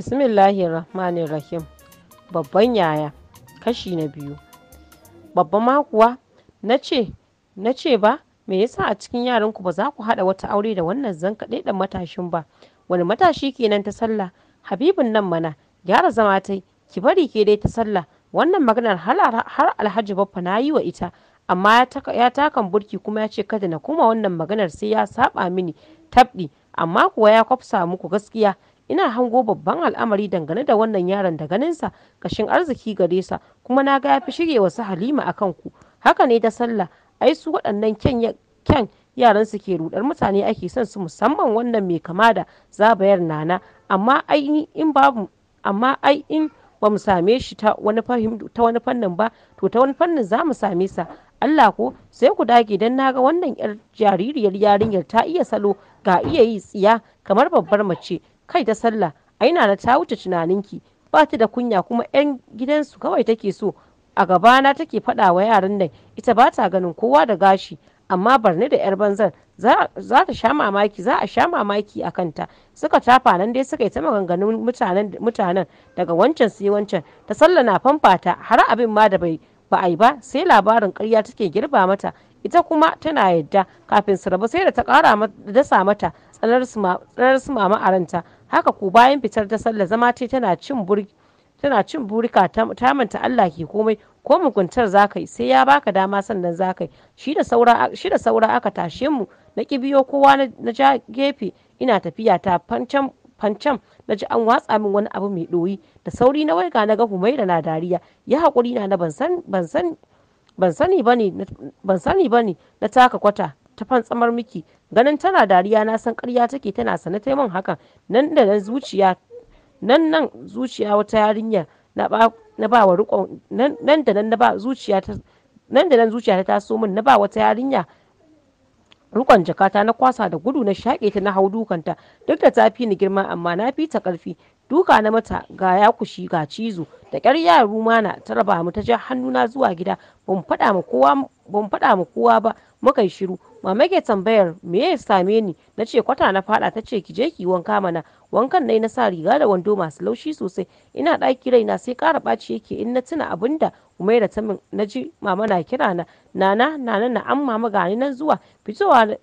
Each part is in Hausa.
Bismillahirrahmanirrahim. Babban yaya, kashi na biyu. Babba ma kuwa, na ce, na ce ba, me yasa a cikin yaranku ba za ku haɗa wata aure da wannan zanka ɗan matashin ba, wani matashi kenan ta sallah, habibin nan mana, gyara zama tai, ki bari ke dai ta sallah, wannan maganar har alhaji baffa na yi wa ita, amma ya takan burki kuma ya ce kada na kuma wannan maganar sai ya saba mini tabɗi, amma kuwa ya kwafsa muku gaskiya ina hango babban al'amari dangane da wannan yaron da ganinsa kashin arziki gare sa kuma na ga ya fi shige wasu halima a kanku haka ne da sallah ai su waɗannan kyan yaran su ke rudar mutane ake son su musamman wannan mai kama da zabayar nana amma ai in babu amma ai in ba mu same shi ta wani fannin ba to ta wani fannin za mu same sa Allah ko sai ku dage don ga wannan yar jaririyar yarinyar ta iya salo ga iya yi tsiya kamar babbar mace kai ta sallah aina na ta wuce tunaninki ba ta da kunya kuma 'yan gidansu kawai take so a gabana take faɗa wa yaran nan ita ba ta ganin kowa da gashi amma barni da 'yar banzan za ta sha mamaki za a sha mamaki a kanta suka tafa nan dai suka yi ta maganganun mutanen daga wancan sai wancan ta sallah na famfata har abin ma da bai ba a yi ba sai labarin karya take girba mata ita kuma tana yadda kafin su rabu sai da ta kara dasa mata tsanar su mama a ranta haka ko bayan fitar ta sallah zama ce tana cin burki tana cin burika ta manta Allah ke komai ko muguntar zakai sai ya baka dama sannan zakai shi da saura shi da saura aka tashe mu na kibiyo kowa na ja gefe ina tafiya ta fancan fancan na ji an watsa min wani abu mai ɗoyi da sauri na waiga na ga humaira na dariya ya haƙuri na ban sani ba ne na taka kwata ta fantsamar miki ganin tana dariya na san ƙarya take tana sana ta min hakan nan da nan zuciya nan nan zuciya wata yarinya na ba wa riƙon nan da nan na ba zuciya ta nan da nan zuciya ta taso min na ba wata yarinya rikon jakata na kwasa da gudu na shaƙe ta na hau dukanta duk da ta fi ni girma amma na fi ta ƙarfi duka na mata ga yakushi ga cizo da ƙyar ya na ta raba mu ta ja hannuna zuwa gida ban faɗa ma kowa ban faɗa ma ba muka yi shiru mama ke tambayar me ya same ni na ce kwata na faɗa ta ce ki je ki wanka mana wankan nai na sa riga da wando masu laushi sosai ina ɗaki raina sai kara ɓaci yake in na tuna abin da umaira ta min na ji mama na kira na nana nana na an mama gani nan zuwa fitowa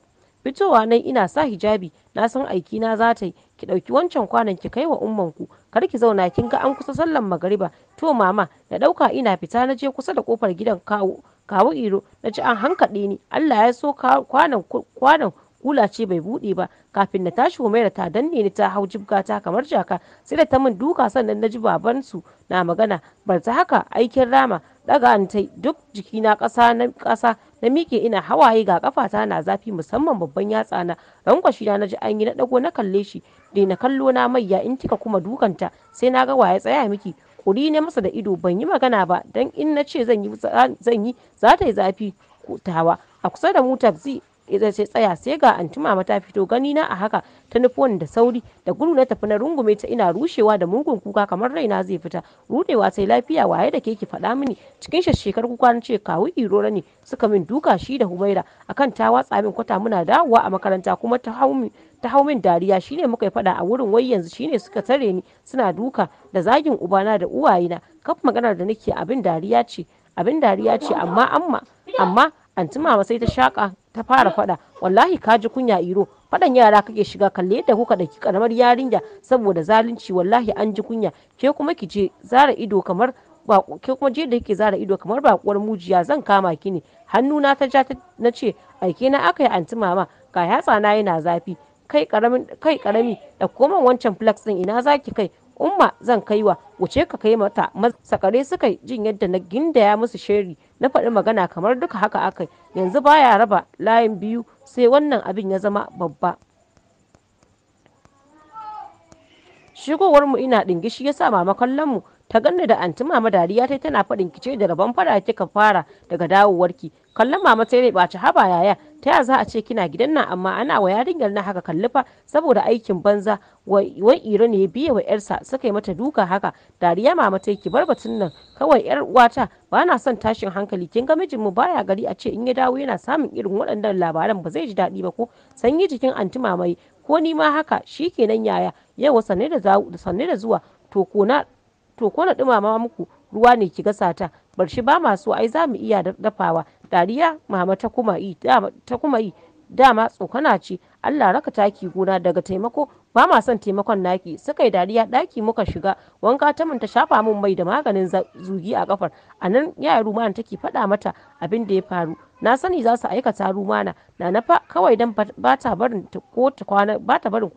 fitowa nan ina sa hijabi na san aiki na za ta yi ki ɗauki wancan kwanan ki kai wa ummanku kar ki zauna kin ga an kusa sallan magariba to mama na ɗauka ina fita na je kusa da kofar gidan kawo kawo iro na ji an hankaɗe ni Allah ya so kwanan kwanan kula ce bai buɗe ba kafin na tashi Humaira ta danne ni ta hau jibgata kamar jaka sai da ta min duka sannan na ji babansu na magana bar ta haka aikin rama daga ta duk jikina ƙasa na ƙasa na miƙe ina hawaye ga kafata na zafi musamman babban yatsa na rankwashi na naji an yi na dago na kalle shi da na kallo na mayya in kika kuma dukanta sai na ga waye tsaya miki kuri ne masa da ido ban yi magana ba dan in na ce zan yi zan yi za ta yi zafi tawa a kusa da mu tabzi idan sai tsaya sai ga anti mama ta fito gani na a haka ta nufi wani da sauri da gudu na tafi na rungume ta ina rushewa da mugun kuka kamar raina zai fita rudewa sai lafiya waye da ke ki faɗa mini cikin shekar kuka na ce kawu irora ne suka min duka shi da humaira akan ta watsa min kwata muna dawowa a makaranta kuma ta hau min ta hau min dariya shine muka yi faɗa a wurin wai yanzu shine suka tare ni suna duka da zagin ubana da uwayena kaf maganar da nake abin dariya ce abin dariya ce amma amma amma anti mama sai ta shaka ta fara faɗa wallahi ka ji kunya iro faɗan yara kake shiga kalle yadda kuka ɗauki karamar yarinya saboda zalunci wallahi an ji kunya ke kuma ki je zara ido kamar ke kuma je da kike zara ido kamar bakuwar mujiya zan kama ki ne na ta ja na ce aike na aka yi anti mama ga yatsa na yana zafi kai karamin kai karami da koman wancan flex din ina zaki kai umma zan kaiwa wuce ka kai mata sakare suka jin yadda na ginda ya musu sheri na faɗi magana kamar duka haka akai yanzu baya raba layin biyu sai wannan abin ya zama babba shigowar mu ina ɗingishi ya sa mama kallon mu ta ganna da anti mama dariya tai tana faɗin kice da rabon fada kika fara daga dawowarki kallon mama sai rai baci haba yaya ta ya za a ce kina gidan nan amma ana wa yarinyar na haka kallifa saboda aikin banza wai iro ne biye wa yarsa suka yi mata duka haka dariya mama ta ki bar batun nan kawai yar uwata ba na son tashin hankali kin ga mijin mu baya gari a ce in ya dawo yana samun irin waɗannan labaran ba zai ji daɗi ba ko sanyi jikin anti mamaye ko ni ma haka shikenan yaya yau da sanne da zuwa to ko na to ko na ɗumama muku ruwa ne ki gasa ta bar shi ba ma so ai za mu iya dafawa dariya mama ta kuma yi ta kuma yi dama tsokana ce Allah raka taki gona daga taimako ba ma son taimakon naki suka yi dariya daki muka shiga wanka ta mun ta shafa mun mai da maganin zugi a kafar anan yaya ruman take faɗa mata abin da ya faru na sani za su aikata rumana na na kawai don bata barin ko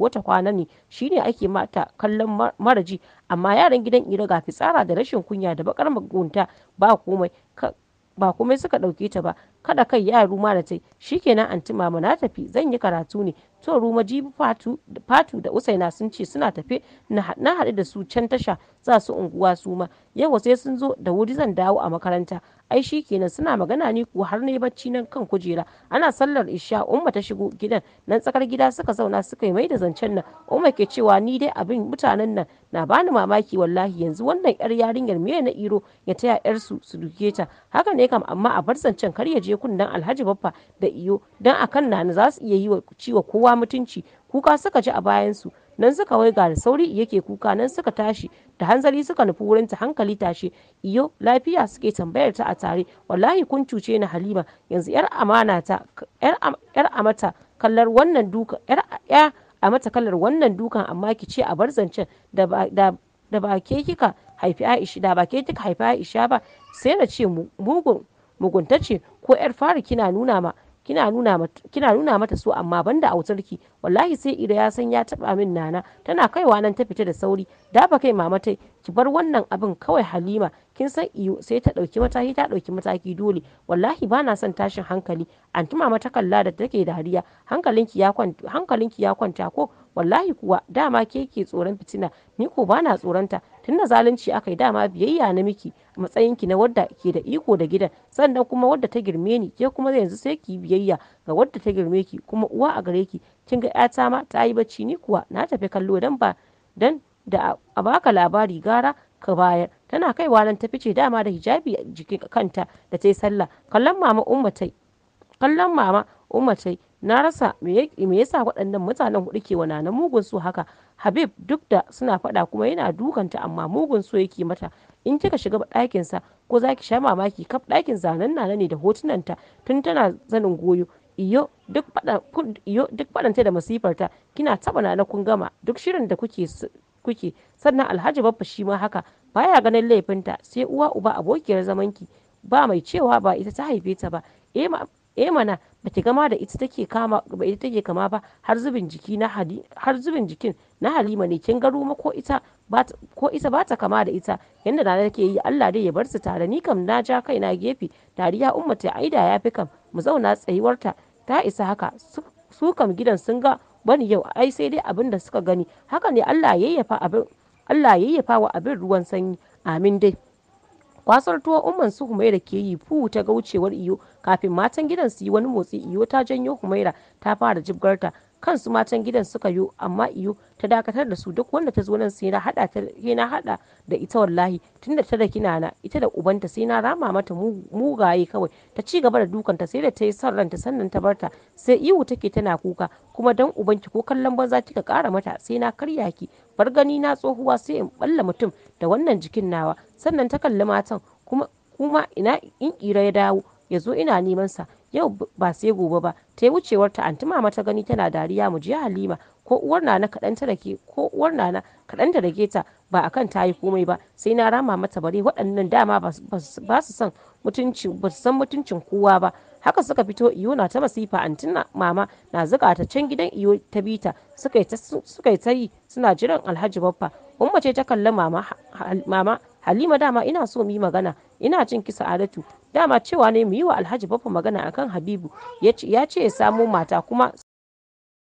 ta kwana ne shine ake mata kallon maraji amma yaran gidan ira ga fitsara da rashin kunya da bakar mugunta ba komai suka ɗauke ta ba Kada kai ya Ruma da ta yi, "Shi kenan anti Mama na tafi, zan yi karatu ne. To Ruma jibi Fatu da Usaina sun ce suna tafe na haɗu da su can tasha za su unguwa su ma. yau sai sun zo da wuri zan dawo a makaranta. Ai shi kenan suna magana ni kuwa har na bacci nan kan kujera. Ana sallar isha Umma ta shigo gidan nan tsakar gida suka zauna suka yi mai da zancen nan. Umma ke cewa ni dai abin mutanen nan na bani mamaki wallahi yanzu wannan 'yar yarinyar me na iro ya taya 'yarsu su duke ta. Haka ne kam amma a bar zancen kar ya je je dan alhaji baffa da iyo don a kan nani za su iya yi wa ciwa kowa mutunci kuka suka ji a bayansu nan suka wai da sauri yake kuka nan suka tashi da hanzari suka nufi wurin ta hankali tashi iyo lafiya suke tambayar ta a tare wallahi kun cuce ni halima yanzu yar amana ta yar amata kallar wannan duka yar a mata kallar wannan dukan amma ki ce a bar zancen da ba ke kika haifi Aisha da ba ke kika haifi Aisha ba sai na ce mugun mugunta ce ko yar fari kina nuna ma kina nuna mata kina nuna mata so amma banda autarki wallahi sai ida ya san ya taba min nana tana kaiwa nan ta fita da sauri dafa kai mama tai ki bar wannan abin kawai halima kin san iyo sai ta ɗauki mataki ta ɗauki mataki dole wallahi ba na son tashin hankali anti mama ta kalla da take dariya hankalinki ya kwanta hankalinki ya kwanta ko wallahi kuwa dama ke ke tsoron fitina ni ko ba na tsoronta da zalunci aka yi dama biyayya na miki a matsayinki na wadda ke da iko da gidan sannan kuma wadda ta girme ni ke kuma yanzu sai ki biyayya ga wadda ta girme ki kuma uwa a gare ki kin ga 'yata ma ta yi bacci ni kuwa na tafi kallo dan ba dan da a baka labari gara ka bayar tana kaiwa nan ta fice dama da hijabi a jikin kanta da ta yi sallah kallon mama ummatai kallon mama ummatai na rasa me yasa waɗannan mutanen hudu ke na mugun su haka habib duk da suna faɗa kuma yana dukanta amma mugun su yake mata in kika shiga ɗakin sa ko za ki sha mamaki kaf ɗakin zanen nana ne da hotunanta tun tana zanin goyo iyo duk faɗanta da masifarta kina taɓa na kun gama duk shirin da kuke kuke sannan alhaji babba shi ma haka baya ganin laifinta sai uwa uba abokiyar zamanki ba mai cewa ba ita ta haife ta ba e mana ba ki gama da ita take kama ba ita take kama ba har zubin jiki na hali har zubin jikin na halima ne kin garu ma ko ita ko ita ba ta kama da ita yanda da take yi Allah dai ya bar su tare ni kam na ja kai na gefe dariya ummata aida ya fi kam mu zauna tsayuwarta ta isa haka su kam gidan sun ga bani yau ai sai dai abin da suka gani haka ne Allah yayyafa abin Allah yayyafa wa abin ruwan sanyi amin dai kwasar tuwo umman su humaira ke yi fu ta ga wucewar iyo kafin matan gidan su yi wani motsi iyo ta janyo humaira ta fara jibgarta kansu matan gidan suka yo amma iyo ta dakatar da su duk wanda ta zo nan sai na hada ta na hada da ita wallahi tunda ta da na ita da ubanta sai na rama mata mugaye kawai ta ci gaba da dukanta sai da ta yi son ranta sannan ta barta sai ihu take tana kuka kuma dan ubanki ko kallon banza kika kara mata sai na karya ki bar gani na tsohuwa sai in balla mutum da wannan jikin nawa sannan ta kalli matan kuma kuma ina in kira ya dawo ya zo ina neman sa yau ba sai gobe ba ta yi wucewar ta anti mama ta gani tana dariya mu je halima ko uwar nana kaɗan ta rage ko uwar nana kaɗan ta rage ta ba akan ta yi komai ba sai na rama mata bare waɗannan dama ba su san mutunci ba su san mutuncin kowa ba haka suka fito iyo na ta masifa anti mama na zuga ta can gidan iyo ta bita suka yi ta yi suna jiran alhaji baffa umma ce ta kalla mama halima dama ina so mu yi magana ina jin ki sa'adatu dama cewa ne mu yi wa alhaji baffa magana akan habibu ya ce ya samo mata kuma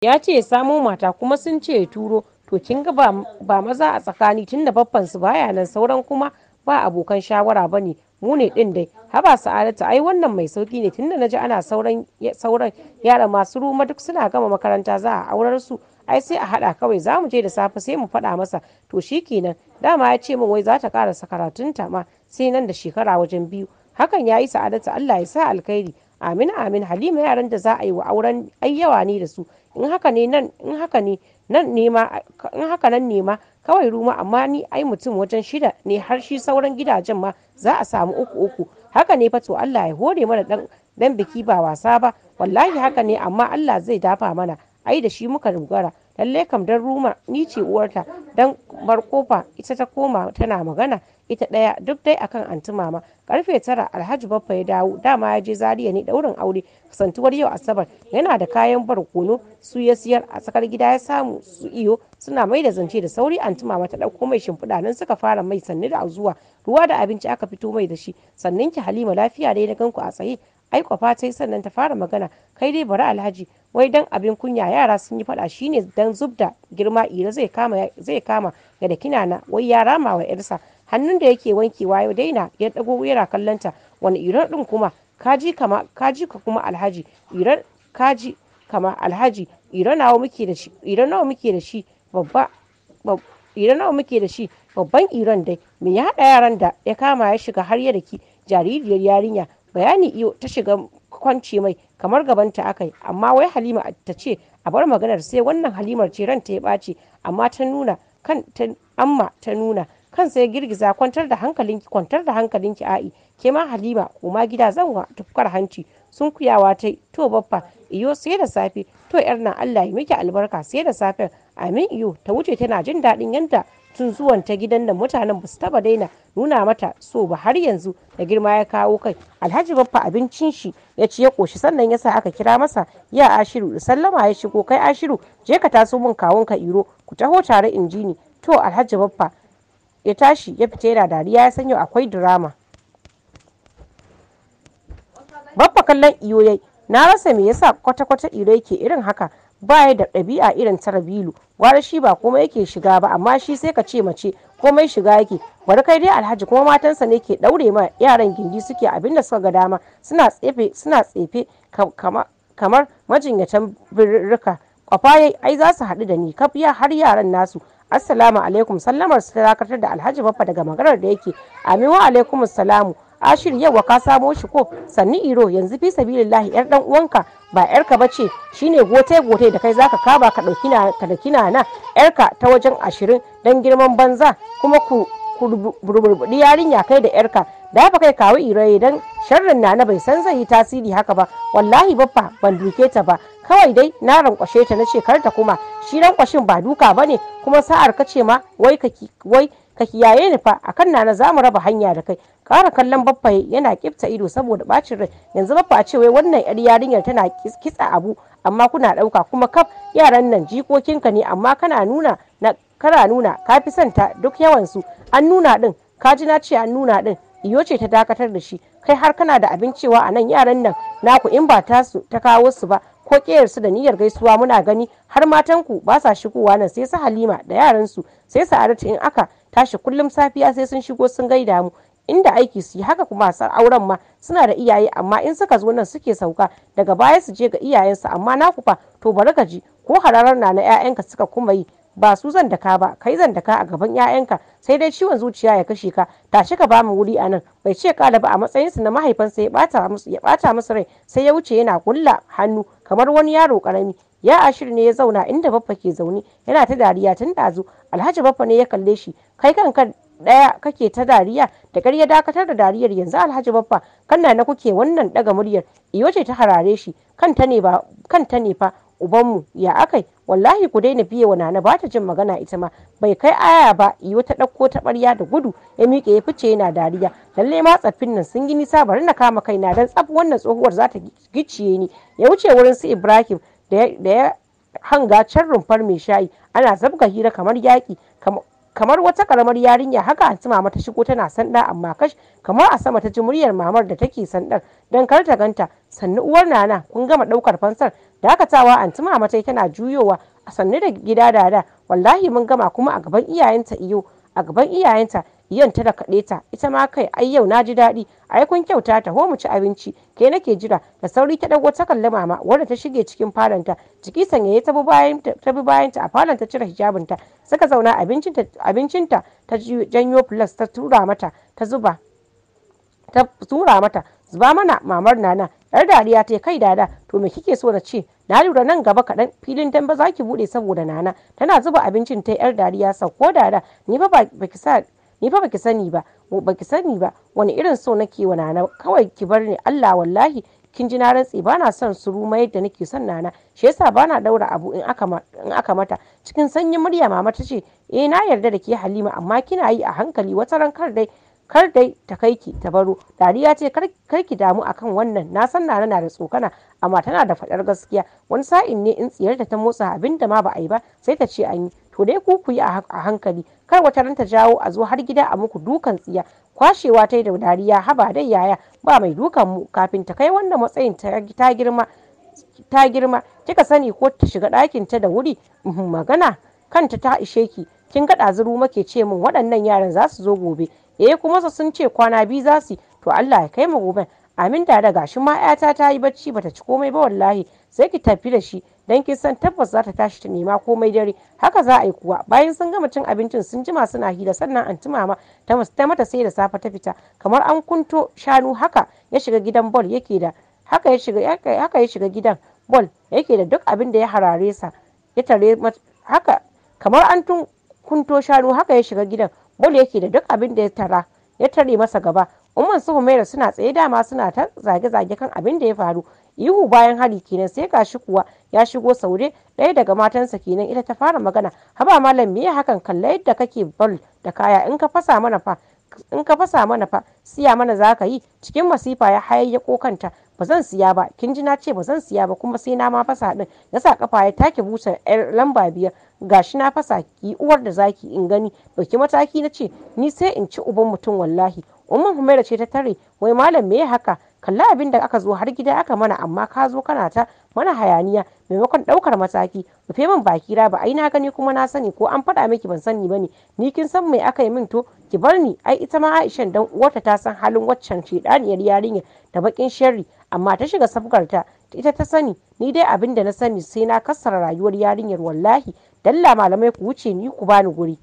ya ce ya mata kuma sun ce ya turo to kin ga ba maza a tsakani tunda baffan su baya nan sauran kuma ba abokan shawara bane mu ne din dai haba sa'adatu ai wannan mai sauki ne tunda naji ana sauran sauran yara masu ruma duk suna gama makaranta za a aurar su ai sai a haɗa kawai za mu je da safe sai mu faɗa masa to shi kenan dama ya ce min wai za ta ƙarasa karatunta ma sai nan da shekara wajen biyu hakan ya yi sa'adatu Allah ya sa alkhairi amin amin halima yaran da za a yi wa auren ai yawa ne da su in haka ne nan in haka ne nan nema in haka nan nema kawai ruma amma ni ai mutum wajen shida ne har shi sauran gidajen ma za a samu uku uku haka ne fa to Allah ya hore mana dan dan biki ba wasa ba wallahi haka ne amma Allah zai dafa mana ai da shi muka dogara lalle kam dan ruma ni ce uwarta dan bar kofa ita ta koma tana magana ita ɗaya duk dai akan anti mama karfe tara alhaji baffa ya dawo dama ya je zaria ne daurin aure kasantuwar yau asabar yana da kayan barkono su ya siyar a tsakar gida ya samu su iyo suna mai da zance da sauri anti mama ta ɗauko mai shimfiɗa nan suka fara mai sannu da zuwa ruwa da abinci aka fito mai da shi sannan ki halima lafiya dai na ganku a tsaye ai kwafa ta yi sannan ta fara magana kai dai bari alhaji wai dan abin kunya yara sun yi fada shine dan zubda girma ira zai kama zai kama ga da kinana wai ya rama wa yarsa hannun da yake wankewa ya daina ya dago yana kallanta wani irar din kuma kaji kama kaji ka kuma alhaji irar kaji kama alhaji ira nawa muke da shi ira nawa muke da shi babba ira nawa muke da shi babban iran dai me ya haɗa yaran da ya kama ya shiga har ya daki jaririyar yarinya bayani iyo ta shiga kwanci mai kamar gabanta aka yi amma wai halima ta ce a bar maganar sai wannan halimar ce ranta ya ɓaci amma ta nuna kan ta amma ta nuna kan sai girgiza kwantar da hankalinki kwantar da hankalinki a'i ke ma halima kuma gida zanwa tufkar hanci sun kuyawa ta to baffa iyo sai da safe to yar nan Allah ya miki albarka sai da safe amin iyo ta wuce tana jin daɗin yanda tun zuwan ta gidan da mutanen ba su taba daina nuna mata so ba har yanzu da girma ya kawo kai alhaji baffa abincin shi ya ci ya koshi sannan ya sa aka kira masa ya ashiru da sallama ya shigo kai ashiru je ka taso min kawun ka iro ku taho tare injini to alhaji baffa ya tashi ya fita yana dariya ya san akwai drama baffa kallon iyo na rasa me yasa kwata-kwata iro yake irin haka ba ya da ɗabi'a irin ta rabilu gwara shi ba komai yake shiga ba amma shi sai ka ce mace komai shiga yake bari kai dai alhaji kuma matansa ne ke ɗaure ma yaran gindi suke abin da suka ga dama suna tsefe suna tsefe kamar majinyatan birrika kwafa ai za su haɗu da ni kafiya har yaran nasu assalamu alaikum sallamar su ta dakatar da alhaji baffa daga maganar da yake Aminu wa alaikum salamu ashir wa ka samo shi ko sannu iro yanzu fi sabilillahi yar dan uwanka ba yarka ba ce shine gote gote da kai zaka kaba ka dauki na ka dauki na na yarka ta wajen ashirin dan girman banza kuma ku burbuɗi yarinya kai da yarka da fa kai kawo iraye dan sharrin nana bai san zai yi tasiri haka ba wallahi baffa ban duke ta ba kawai dai na rankwashe ta na ce kar kuma shi rankwashin ba duka bane kuma sa'ar ka ce ma wai ka wai ka kiyaye ni fa akan nana za mu raba hanya da kai kara kallon baffa yana kifta ido saboda bacin rai yanzu baffa a ce wai wannan yar yarinyar tana kitsa abu amma kuna ɗauka kuma kaf yaran nan jikokinka ne amma kana nuna na kana nuna ka fi son ta duk yawansu an nuna din ka ji na ce an nuna din iyo ce ta dakatar da shi kai har kana da abin cewa a nan yaran nan naku in ba tasu ta kawo su ba ko su da niyyar gaisuwa muna gani har matanku ba sa shigowa nan sai su halima da yaran su sai su arata in aka tashi kullum safiya sai sun shigo sun gaida mu inda aiki su yi haka kuma san auren ma suna da iyaye amma in suka zo nan suke sauka daga baya su je ga iyayensu amma na kufa to bari ka ji ko hararar na na 'ya'yanka suka kuma yi ba su zan da ka ba kai zan da ka a gaban 'ya'yanka sai dai ciwon zuciya ya kashe ka tashi ka bamu wuri a nan bai ce kala ba a matsayinsu na mahaifansa ya ɓata musu rai sai ya wuce yana kulla hannu kamar wani yaro karami ya ashir ne ya zauna inda baffa ke zaune yana ta dariya tun ɗazu alhaji baffa ne ya kalle shi kai kanka daya kake ta dariya da ƙarya dakatar da dariyar yanzu alhaji baffa kanna na kuke wannan daga muryar iyo ce ta harare shi kanta ne fa ubanmu ya akai wallahi ku daina biye wa nana ba ta jin magana ita ma bai kai aya ba iyo ta ɗauko ta ɓarya da gudu ya miƙe ya fice yana dariya lalle ma tsaffin nan sun yi nisa. bari na kama kaina dan tsaf wannan tsohuwar za ta gicciye ni ya wuce wurin su ibrahim da ya hanga can rumfar mai shayi ana zabga hira kamar yaƙi kamar wata karamar yarinya haka anti mama ta shigo tana sanda amma kash kamar a sama ta ji muryar mamar da take sandar dan kar ta ganta sannu uwar nana kun gama daukar fansar dakatawa anti mama ta tana juyowa a sannu da gida dada wallahi mun gama kuma a gaban iyayenta iyo a gaban iyayenta yan ta da kaɗe ta ita ma kai ai yau na ji daɗi ai kun kyauta ta ho mu ci abinci ke nake jira da sauri ta dago ta kalli mama wanda ta shige cikin falonta ciki sanyaye ta bi bayan ta a falon ta cire hijabin ta suka zauna abincinta abincinta ta janyo plus ta tura mata ta zuba ta tura mata zuba mana mamar nana yar dariya ta kai dada to me kike so na ce na lura nan gaba kaɗan filin dambe za ki buɗe saboda nana tana zuba abincin ta yar dariya sau ko dada ni fa ba ki sa ni fa baki sani ba baki sani ba wani irin so nake wa nana kawai ki bar ni Allah wallahi kin ji na rantsi na son su ruma yadda nake son nana shi yasa bana daura abu in aka in aka mata cikin sanyin murya mama ta ce eh na yarda da ke Halima amma kina yi a hankali wata ran kar dai kar dai ta kai ki ta baro dariya ce kar ki damu akan wannan na san nana na da tsokana amma tana da fadar gaskiya wani sa'in ne in tsiyarta ta motsa abin da ma ba a yi ba sai ta ce an yi to dai ku ku yi a hankali kar wata ran ta jawo a zo har gida a muku dukan tsiya kwashewa ta yi da dariya haba dai yaya ba mai dukan mu kafin ta kai wannan matsayin ta girma ta girma kika sani ko ta shiga ɗakin ta da wuri uhm, magana kanta ta ishe ki kin ga ɗazuru make ce min waɗannan yaran za su zo gobe eh kuma su sun ce kwana biyu za su to Allah ya kai mu goben amin da da gashi ma yata ta yi bacci bata ci komai ba wallahi sai ki tafi da shi dan kin san tabbas za ta tashi ta nema komai dare haka za a yi kuwa bayan sun gama cin abincin sun jima suna hira sannan anti mama ta mata sai da safe ta fita kamar an kunto shanu haka ya shiga gidan bol yake da haka ya shiga haka ya shiga gidan bol yake da duk abin da ya harare sa ya tare haka kamar an tun kunto shanu haka ya shiga gidan bolo yake da duk abin da ya tara ya tare masa gaba umman su humaira suna tsaye dama suna ta zage-zage kan abin da ya faru ihu bayan hari kenan sai ga shi kuwa ya shigo saure ɗaya daga matansa kenan ita ta fara magana haba malam me hakan kalla yadda kake bal da kaya in ka fasa mana fa in ka fasa mana fa siya mana za ka yi cikin masifa ya hayayyako kanta ba zan siya ba kin ji na ce ba zan siya ba kuma sai na ma fasa din ya sa kafa ya take busar yar lamba biyar gashi na fasa ki uwar da zaki in gani dauki mataki na ce ni sai in ci uban mutum wallahi umman humaira ce ta tare wai malam me haka kalla abin da aka zo har gida aka mana amma ka zo kana ta mana hayaniya maimakon daukar mataki rufe min baki ra ba ai na gani kuma na sani ko an faɗa miki ban sani bane ni kin san mai aka yi min to ki bar ni ai ita ma Aisha dan uwarta ta san halin waccan shedaniyar yarinya da bakin sharri amma ta shiga ta ita ta sani ni dai abin da na sani sai na kassara rayuwar yarinyar wallahi dalla malamai ku wuce ni ku bani guri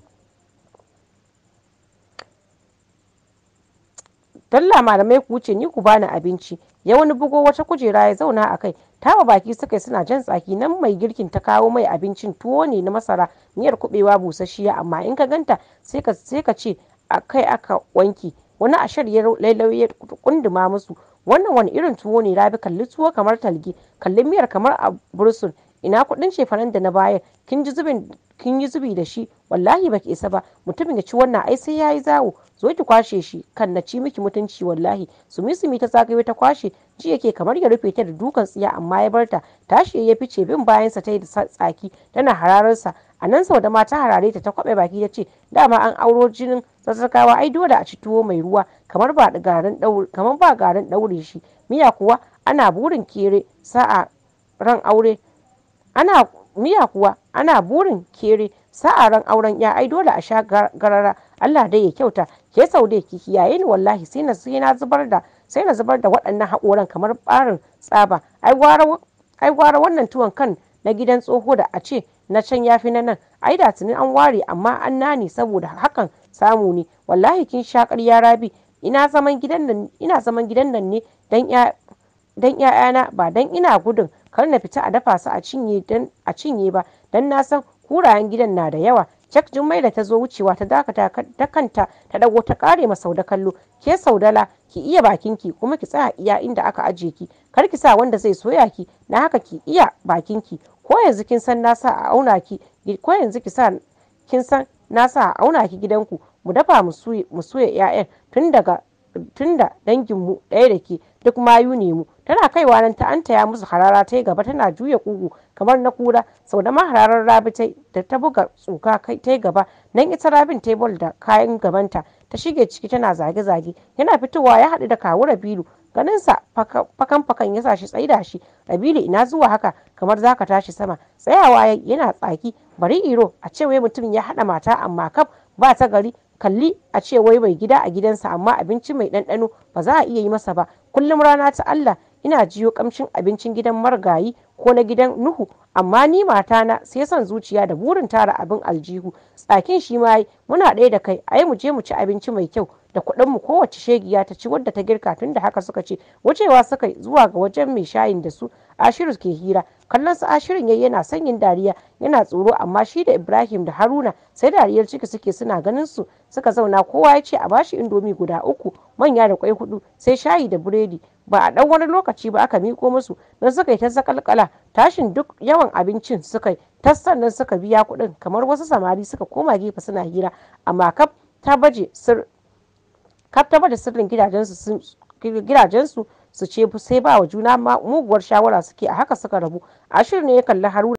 dalla malamai ku wuce ni ku bani abinci ya wani bugo wata kujera ya zauna a kai tawa baki suka suna jan tsaki nan mai girkin ta kawo mai abincin tuwo ne na masara miyar kubewa busasshiya amma in ka ganta sai ka ce a kai aka wanki wani ashar ya lailaye ya kunduma musu wannan wani irin tuwo ne rabi kalli tuwo kamar talge kalli miyar kamar a bursun ina kudin shefanen da na bayar kin ji zubin kin yi zubi da shi wallahi baki isa ba mutumin ya ci wannan ai sai yayi zawo zo ki kwashe shi kan na ci miki mutunci wallahi sumi sumi ta zagaye ta kwashe ji yake kamar ya rufe ta da dukan tsiya amma ya barta tashi ya fice bin bayansa ta yi da tsaki tana harararsa. a nan sau da mata harare ta ta kwabe baki ta ce dama an auro jinin sassakawa ai dole a ci tuwo mai ruwa kamar ba garin kamar ba garin daure shi miya kuwa ana burin kere sa'a ran aure ana miya kuwa ana burin kere sa'a ran auren ya ai dole a sha garara Allah dai ya kyauta ke saude kiki yayin wallahi sai na sai na zubar da sai na zubar da waɗannan haƙoran kamar barin tsaba ai gwara wannan tuwon kan na gidan tsoho da a ce na can yafi na nan ai da tuni an ware amma an nani saboda hakan samu ne wallahi kin sha ƙarya rabi ina zaman gidan nan ina zaman gidan nan ne dan ya ba dan ina gudun kar na fita a dafa su a cinye ba don na san kurayen gidan na da yawa cak Jummai da ta zo wucewa ta dakata ta kanta ta dago ta kare ma sauda kallo ke saudala ki iya bakinki kuma ki tsaya iya inda aka aje ki kar ki sa wanda zai soya ki na haka ki iya bakinki ko yanzu kin san na sa a auna ki ko yanzu ki sa kin san na sa a auna ki gidanku mu dafa mu soya 'ya'yan tun daga tun da danginmu ɗaya da ke duk mayu ne mu tana kaiwa nan ta antaya musu harara ta gaba tana juya kugu kamar na kura sau da mahararar rabi ta da ta buga tsoka ta gaba nan ita rabin tebul da kayan gabanta ta shige ciki tana zage-zage yana fitowa ya haɗu da kawu rabilu ganinsa fakan fakan ya sa shi tsaida shi rabilu ina zuwa haka kamar zaka tashi sama tsayawa yana tsaki bari iro a ce wai mutum ya haɗa mata amma kaf ba ta gari kalli a ce wai mai gida a gidansa amma abinci mai ɗanɗano ba za a iya yi masa ba kullum rana ta Allah ina jiyo kamshin abincin gidan marigayi ko na gidan Nuhu amma ni matana sai son zuciya da burin tara abin aljihu tsakin shi ma muna ɗaya da kai ai mu je mu ci abinci mai kyau da kuɗin mu kowace shegiya ta ci wadda ta girka tun da haka suka ce wucewa suka zuwa ga wajen mai shayin da su ashiru ke hira kallon su ashirin yayi yana sanyin dariya yana tsoro amma shi da ibrahim da haruna sai dariyar ciki suke suna ganin su suka zauna kowa ya ce a bashi indomi guda uku manya da kwai hudu sai shayi da buredi ba a dan wani lokaci ba aka miko musu don suka yi ta zakalkala tashin duk yawan abincin suka yi tassan nan suka biya kuɗin kamar wasu samari suka koma gefe suna hira amma kaf ta baje sir kaf ta bada sirrin gidajensu gidajensu su ce sai ba wa juna muguwar shawara suke a haka suka rabu ashir ne ya kalli haruna